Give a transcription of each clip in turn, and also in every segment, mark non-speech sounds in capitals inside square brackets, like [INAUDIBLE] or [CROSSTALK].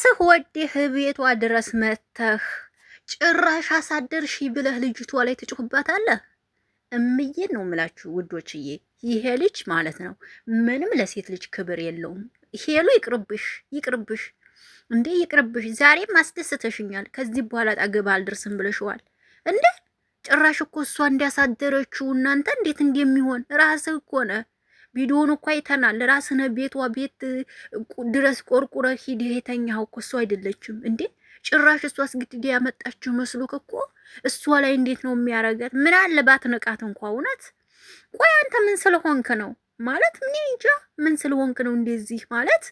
ራስህ ወዴህ ቤቷ ድረስ መተህ ጭራሽ አሳደርሽ ብለህ ልጅቷ ላይ ትጮህባታለህ። እምዬን ነው የምላችሁ ውዶችዬ፣ ይሄ ልጅ ማለት ነው ምንም ለሴት ልጅ ክብር የለውም። ሄሎ ይቅርብሽ፣ ይቅርብሽ እንዴ ይቅርብሽ። ዛሬም አስደስተሽኛል። ከዚህ በኋላ ጠገብ አልደርስም ብለሽዋል እንዴ ጭራሽ እኮ እሷ እንዲያሳደረችው እናንተ እንዴት እንደሚሆን ራስህ እኮ ነህ ቪዲዮን እኮ አይተናል። ራስነ ቤቷ ቤት ድረስ ቆርቁረ ሂድ የተኛው እኮ እሱ አይደለችም እንዴ? ጭራሽ እሷ አስግድድ ያመጣችው መስሎክ እኮ እሷ ላይ እንዴት ነው የሚያረጋት? ምን ባት ንቃት እንኳ እውነት። ቆይ አንተ ምን ስለሆንክ ነው ማለት ምን እንጃ ምን ስለሆንክ ነው እንደዚህ ማለት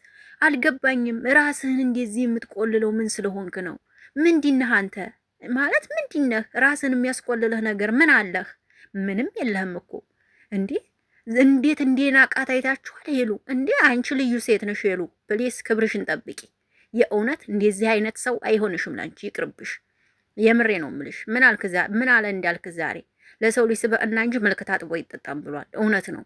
አልገባኝም። ራስህን እንደዚህ የምትቆልለው ምን ስለሆንክ ነው? ምንድነህ አንተ ማለት ምንድነህ? ራስህን የሚያስቆልልህ ነገር ምን አለህ? ምንም የለህም እኮ እንዲህ እንዴት እንደናቃት አይታችኋል? ሄሉ እንዴ አንቺ ልዩ ሴት ነሽ ሄሉ፣ ፕሊስ ክብርሽን ጠብቂ። የእውነት እንደዚህ አይነት ሰው አይሆንሽም፣ ላንቺ ይቅርብሽ። የምሬ ነው ምልሽ። ምን አልክ ምን አለ እንዳልክ ዛሬ ለሰው ልጅ ስበእና እንጂ መልክት አጥቦ ይጠጣም ብሏል። እውነት ነው፣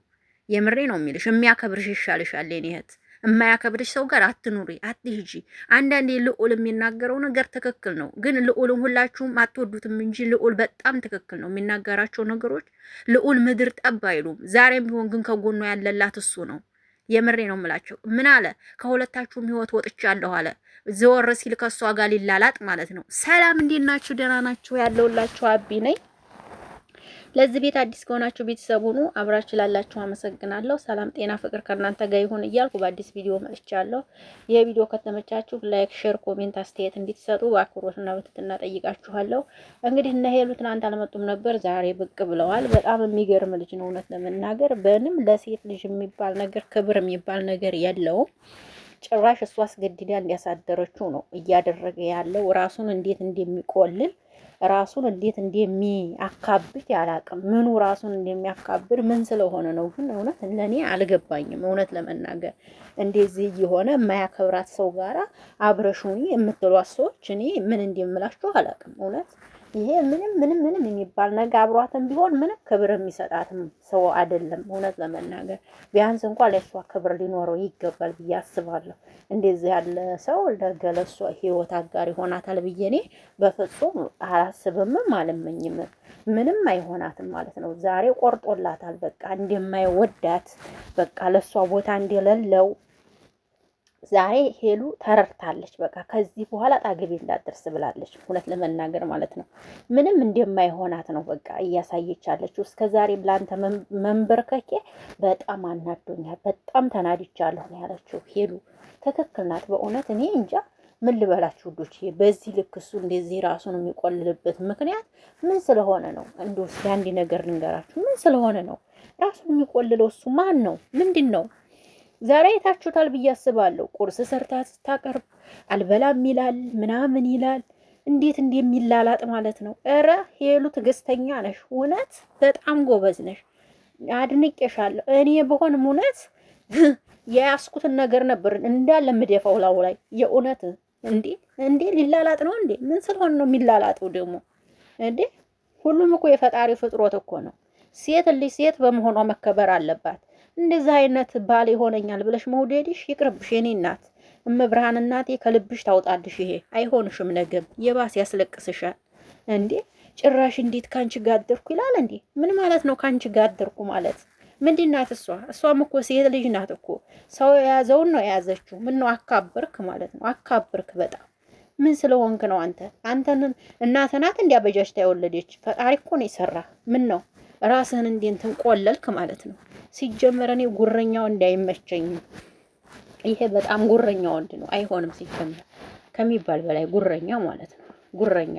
የምሬ ነው የሚልሽ። የሚያከብርሽ ይሻልሻል የኔ እህት። የማያከብድሽ ሰው ጋር አትኑሪ፣ አትሂጂ። አንዳንዴ ልዑል የሚናገረው ነገር ትክክል ነው፣ ግን ልዑል ሁላችሁም አትወዱትም እንጂ ልዑል በጣም ትክክል ነው የሚናገራቸው ነገሮች። ልዑል ምድር ጠብ አይሉም። ዛሬም ቢሆን ግን ከጎኗ ያለላት እሱ ነው። የምሬ ነው የምላቸው። ምን አለ? ከሁለታችሁም ህይወት ወጥቻለሁ አለ። ዘወር ሲል ከሷ ጋር ሊላላጥ ማለት ነው። ሰላም፣ እንዴት ናችሁ? ደህና ናችሁ? ያለውላችሁ አቢ ነኝ። ለዚህ ቤት አዲስ ከሆናችሁ ቤተሰብ ሁኑ። አብራችሁ ላላችሁ አመሰግናለሁ። ሰላም፣ ጤና፣ ፍቅር ከእናንተ ጋር ይሁን እያልኩ በአዲስ ቪዲዮ መጥቻለሁ። ይህ ቪዲዮ ከተመቻችሁ ላይክ፣ ሼር፣ ኮሜንት አስተያየት እንድትሰጡ በአክብሮትና በትህትና ጠይቃችኋለሁ። እንግዲህ እነ ሄሉ ትናንት አልመጡም ነበር፣ ዛሬ ብቅ ብለዋል። በጣም የሚገርም ልጅ ነው እውነት ለመናገር በንም ለሴት ልጅ የሚባል ነገር ክብር የሚባል ነገር የለውም። ጭራሽ እሷ አስገድዳ እንዲያሳደረችው ነው እያደረገ ያለው ራሱን እንዴት እንደሚቆልል ራሱን እንዴት እንደሚያካብድ አላቅም። ምኑ ራሱን እንደሚያካብድ ምን ስለሆነ ነው? ግን እውነት ለእኔ አልገባኝም። እውነት ለመናገር እንደዚህ የሆነ የማያከብራት ሰው ጋራ አብረሹኒ የምትሏት ሰዎች እኔ ምን እንደምላችሁ አላቅም እውነት ይሄ ምንም ምንም ምንም የሚባል ነገ አብሯትም ቢሆን ምንም ክብር የሚሰጣትም ሰው አይደለም። እውነት ለመናገር ቢያንስ እንኳ ለእሷ ክብር ሊኖረው ይገባል ብዬ አስባለሁ። እንደዚህ ያለ ሰው ነገ ለእሷ ህይወት አጋር ይሆናታል ብዬ እኔ በፍጹም አላስብምም አልመኝም። ምንም አይሆናትም ማለት ነው። ዛሬ ቆርጦላታል። በቃ እንደማይወዳት በቃ ለእሷ ቦታ እንደሌለው ዛሬ ሄሉ ተረድታለች። በቃ ከዚህ በኋላ ጣግቤ እንዳትደርስ ብላለች። እውነት ለመናገር ማለት ነው ምንም እንደማይሆናት ነው በቃ እያሳየች ያለችው። እስከ ዛሬ ለአንተ መንበርከኬ በጣም አናዶኛል፣ በጣም ተናድቻለሁ ነው ያለችው። ሄሉ ትክክል ናት። በእውነት እኔ እንጃ ምን ልበላችሁ ውዶች፣ በዚህ ልክ እሱ እንደዚህ ራሱን የሚቆልልበት ምክንያት ምን ስለሆነ ነው? እንደ ውስጥ አንድ ነገር ልንገራችሁ። ምን ስለሆነ ነው ራሱን የሚቆልለው? እሱ ማን ነው? ምንድን ነው ዛሬ አይታችሁታል ብዬ አስባለሁ። ቁርስ ሰርታ ስታቀርብ አልበላም ይላል ምናምን ይላል። እንዴት እንደሚላላጥ ማለት ነው። እረ ሄሉ ትዕግስተኛ ነሽ፣ እውነት በጣም ጎበዝ ነሽ፣ አድንቄሻለሁ። እኔ በሆንም እውነት [LAUGHS] የያስኩትን ነገር ነበር እንዳለ ምደፋው ላው ላይ የእውነት እንዴ እንዴ ሊላላጥ ነው እንዴ? ምን ስለሆን ነው የሚላላጠው ደግሞ እንዴ? ሁሉም እኮ የፈጣሪ ፍጥሮት እኮ ነው። ሴት ልጅ ሴት በመሆኗ መከበር አለባት። እንደዚህ አይነት ባል ይሆነኛል ብለሽ መውደድሽ ይቅርብሽ የኔ እናት። እመብርሃን እናቴ ከልብሽ ታውጣልሽ። ይሄ አይሆንሽም፣ ነገም የባስ ያስለቅስሻል። እንዴ ጭራሽ እንዴት ካንቺ ጋደርኩ ይላል እንዴ! ምን ማለት ነው ካንቺ ጋደርኩ ማለት? ምንድን ናት እሷ? እሷም እኮ ሴት ልጅ ናት እኮ ሰው የያዘውን ነው የያዘችው። ምን ነው አካብርክ ማለት ነው? አካብርክ በጣም ምን ስለሆንክ ነው አንተ? አንተን እናትህ ናት እንዲያበጃጅታ የወለደች ፈጣሪ እኮ ነው የሰራ። ምን ነው ራስህን እንዴት እንቆለልክ ማለት ነው? ሲጀመር እኔ ጉረኛው እንዳይመቸኝም ይሄ በጣም ጉረኛ ወንድ ነው። አይሆንም ሲጀመር ከሚባል በላይ ጉረኛ ማለት ነው። ጉረኛ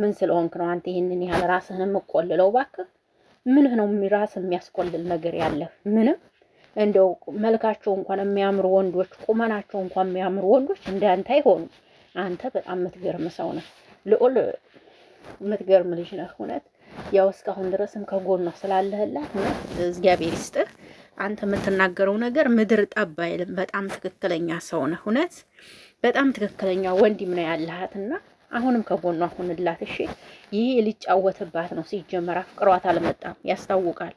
ምን ስለሆንክ ነው አንተ ይህንን ያህል ራስህን የምቆልለው? እባክህ ምንህ ነው ራስህ የሚያስቆልል ነገር ያለህ? ምንም እንደው መልካቸው እንኳን የሚያምሩ ወንዶች፣ ቁመናቸው እንኳን የሚያምሩ ወንዶች እንዳንተ አይሆኑም። አንተ በጣም የምትገርም ሰው ነህ ልዑል፣ የምትገርም ልጅ ነህ እውነት ያው እስካሁን ድረስም ከጎኗ ስላለህላት ነው። እግዚአብሔር ይስጥህ። አንተ የምትናገረው ነገር ምድር ጠብ አይልም። በጣም ትክክለኛ ሰው ነህ። እውነት በጣም ትክክለኛ ወንድም ነው ያለሃትና አሁንም ከጎኗ ሁንላት። እሺ ይህ ሊጫወትባት ነው። ሲጀመር አፍቅሯት አልመጣም፣ ያስታውቃል።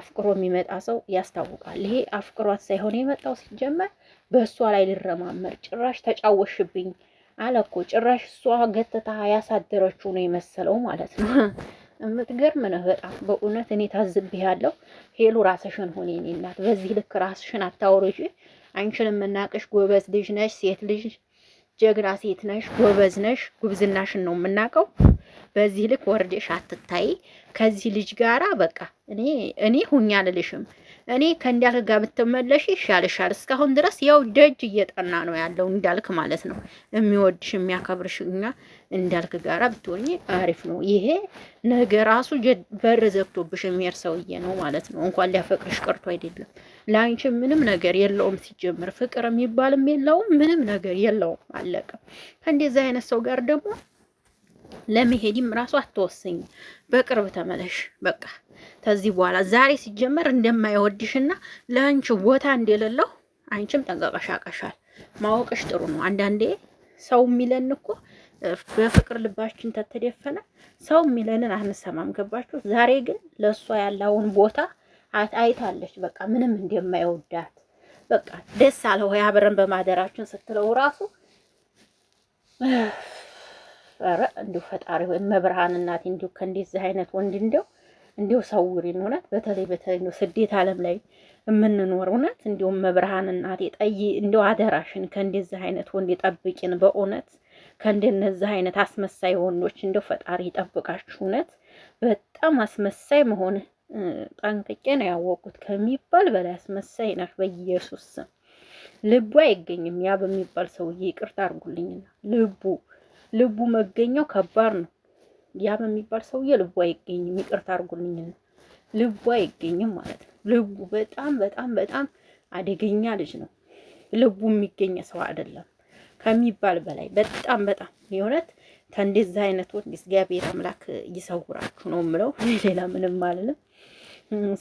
አፍቅሮ የሚመጣ ሰው ያስታውቃል። ይሄ አፍቅሯት ሳይሆን የመጣው ሲጀመር በእሷ ላይ ሊረማመር። ጭራሽ ተጫወሽብኝ አለ እኮ ጭራሽ እሷ ገትታ ያሳደረችው ነው የመሰለው ማለት ነው። የምትገርም ነህ በጣም በእውነት እኔ ያለው ሄሉ ራስሽን ሆኔ እኔ እናት በዚህ ልክ ራስሽን አታውርጂ። አንቺን የምናቅሽ ጎበዝ ልጅ ነሽ፣ ሴት ልጅ ጀግና ሴት ነሽ፣ ጎበዝ ነሽ። ጉብዝናሽን ነው የምናውቀው። በዚህ ልክ ወርደሽ አትታይ ከዚህ ልጅ ጋራ በቃ እኔ እኔ ሁኛ አልልሽም። እኔ ከእንዳልክ ጋር ብትመለሽ ይሻልሻል። እስካሁን ድረስ ያው ደጅ እየጠና ነው ያለው እንዳልክ ማለት ነው። የሚወድሽ የሚያከብርሽ እና እንዳልክ ጋራ ብትሆኝ አሪፍ ነው። ይሄ ነገ ራሱ በር ዘግቶብሽ የሚሄድ ሰውዬ ነው ማለት ነው። እንኳን ሊያፈቅርሽ ቀርቶ አይደለም ለአንቺ ምንም ነገር የለውም። ሲጀምር ፍቅር የሚባልም የለውም ምንም ነገር የለውም። አለቀ። ከእንደዚህ አይነት ሰው ጋር ደግሞ ለመሄድም ራሱ አትወሰኝ። በቅርብ ተመለሽ። በቃ ከዚህ በኋላ ዛሬ ሲጀመር እንደማይወድሽና ለአንቺ ቦታ እንደሌለው አንቺም ተንቀቀሻቀሻል። ማወቅሽ ጥሩ ነው። አንዳንዴ ሰው የሚለን እኮ በፍቅር ልባችን ተተደፈነ ሰው የሚለንን አንሰማም። ገባችሁ? ዛሬ ግን ለእሷ ያለውን ቦታ አይታለች። በቃ ምንም እንደማይወዳት በቃ ደስ አለው አብረን በማደራችን ስትለው ራሱ ኧረ እንዲሁ ፈጣሪ ወይም መብርሃን እናቴ እንዲሁ ከእንደዚህ አይነት ወንድ እንዲው እንዲሁ ሰውሪን እውነት በተለይ በተለይ ነው ስደት ዓለም ላይ የምንኖር እውነት እንዲሁም መብርሃን እናቴ ጠይ እንዲሁ አደራሽን ከእንደዚህ አይነት ወንድ ጠብቂን። በእውነት ከእንደነዚህ አይነት አስመሳይ ወንዶች እንደው ፈጣሪ ይጠብቃችሁ። እውነት በጣም አስመሳይ መሆን ጠንቅቄ ነው ያወቁት ከሚባል በላይ አስመሳይ ነሽ። በኢየሱስ ስም ልቡ አይገኝም። ያ በሚባል ሰውዬ ይቅርታ አድርጉልኝና ልቡ ልቡ መገኘው ከባድ ነው። ያ በሚባል ሰውዬ ልቡ አይገኝም። ይቅርታ አድርጉልኝና ልቡ አይገኝም ማለት ነው። ልቡ በጣም በጣም በጣም አደገኛ ልጅ ነው። ልቡ የሚገኝ ሰው አይደለም ከሚባል በላይ በጣም በጣም የእውነት ከእንደዛ አይነት ወንድ እግዚአብሔር አምላክ ይሰውራችሁ ነው የምለው። ሌላ ምንም አልልም።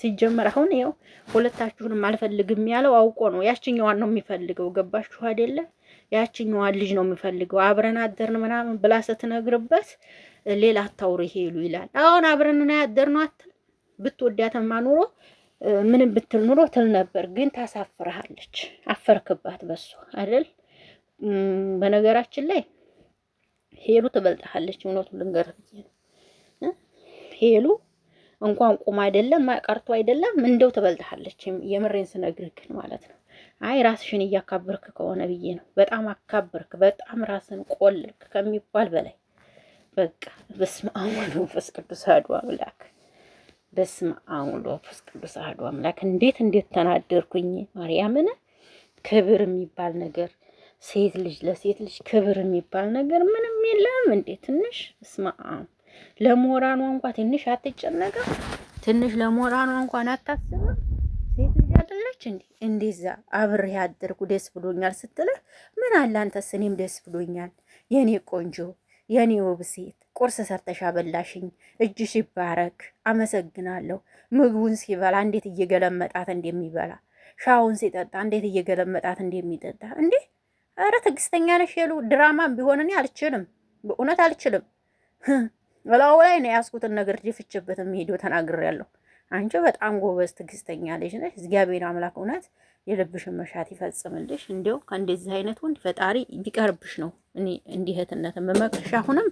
ሲጀመር አሁን ያው ሁለታችሁንም አልፈልግም ያለው አውቆ ነው። ያችኛዋን ነው የሚፈልገው። ገባችሁ አይደለም? ያችኛዋን ልጅ ነው የምፈልገው አብረን አደርን ምናምን ብላ ስትነግርበት ሌላ አታውሪ ሄሉ ይላል። አሁን አብረን ነው አትል ብትወዳትማ ኑሮ ምንም ብትል ኑሮ ትል ነበር፣ ግን ታሳፍረሃለች። አፈርክባት በሱ አይደል? በነገራችን ላይ ሄሉ ትበልጥሃለች። እውነቱ ልንገር ሄሉ እንኳን ቁም አይደለም ቀርቶ አይደለም እንደው ትበልጥሃለች። የምሬን ስነግርህ ግን ማለት ነው አይ ራስሽን እያካበርክ ከሆነ ብዬ ነው። በጣም አካበርክ፣ በጣም ራስን ቆልልክ ከሚባል በላይ በቃ በስመ አብ ወወልድ ወመንፈስ ቅዱስ አሐዱ አምላክ። በስመ አብ ወወልድ ወመንፈስ ቅዱስ አሐዱ አምላክ። እንዴት እንዴት ተናደርኩኝ ማርያምን። ክብር የሚባል ነገር ሴት ልጅ ለሴት ልጅ ክብር የሚባል ነገር ምንም የለም እንዴ! ትንሽ በስመ አብ ለሞራኗ እንኳ ትንሽ አትጨነቅም። ትንሽ ለሞራኗ እንኳን አታስብ አደረች እንዲ እንደዛ አብሬ ያደርኩ ደስ ብሎኛል ስትልህ ምን አለ አንተስ፣ እኔም ደስ ብሎኛል የእኔ ቆንጆ የእኔ ውብ ሴት ቁርስ ሰርተሽ አበላሽኝ፣ እጅሽ ይባረክ፣ አመሰግናለሁ። ምግቡን ሲበላ እንዴት እየገለመጣት እንደሚበላ ሻውን ሲጠጣ እንዴት እየገለመጣት እንደሚጠጣ እንዴ! ኧረ ትዕግስተኛ ነሽ የሉ። ድራማ ቢሆን እኔ አልችልም፣ በእውነት አልችልም። እላው ላይ ነው ያስኩትን ነገር ድፍቼበት የሚሄደው ተናግሬያለሁ። አንቺ በጣም ጎበዝ ትግስተኛ ልጅ ነሽ። እግዚአብሔር አምላክ እውነት የልብሽን መሻት ይፈጽምልሽ። እንዲያው ከእንደዚህ አይነት ወንድ ፈጣሪ ቢቀርብሽ ነው እኔ እንዲህ እህትነት የምመክርሽ። አሁንም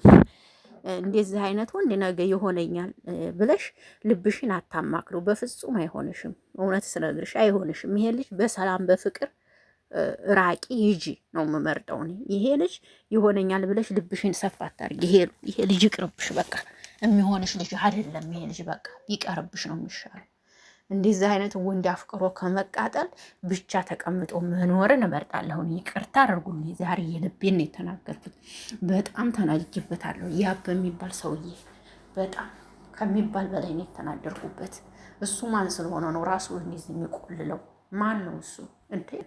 እንደዚህ አይነት ወንድ ነገ ይሆነኛል ብለሽ ልብሽን አታማክሩ። በፍጹም አይሆንሽም። እውነት ስነግርሽ አይሆንሽም። ይሄ ልጅ በሰላም በፍቅር ራቂ ይጂ ነው የምመርጠው እኔ። ይሄ ልጅ ይሆነኛል ብለሽ ልብሽን ሰፋ አታርጊ። ይሄ ይሄ ልጅ ይቅርብሽ በቃ። የሚሆንሽ ልጅ አይደለም ይሄ ልጅ በቃ ቢቀርብሽ ነው የሚሻለው። እንደዚህ አይነት ወንድ አፍቅሮ ከመቃጠል ብቻ ተቀምጦ መኖርን እመርጣለሁ። ይቅርታ አድርጉልኝ፣ ዛሬ የልቤን ነው የተናገርኩት። በጣም ተናጅጅበታለሁ። ያ በሚባል ሰውዬ በጣም ከሚባል በላይ ነው የተናደርኩበት። እሱ ማን ስለሆነ ነው ራሱ እንደዚህ የሚቆልለው? ማን ነው እሱ እንዴ?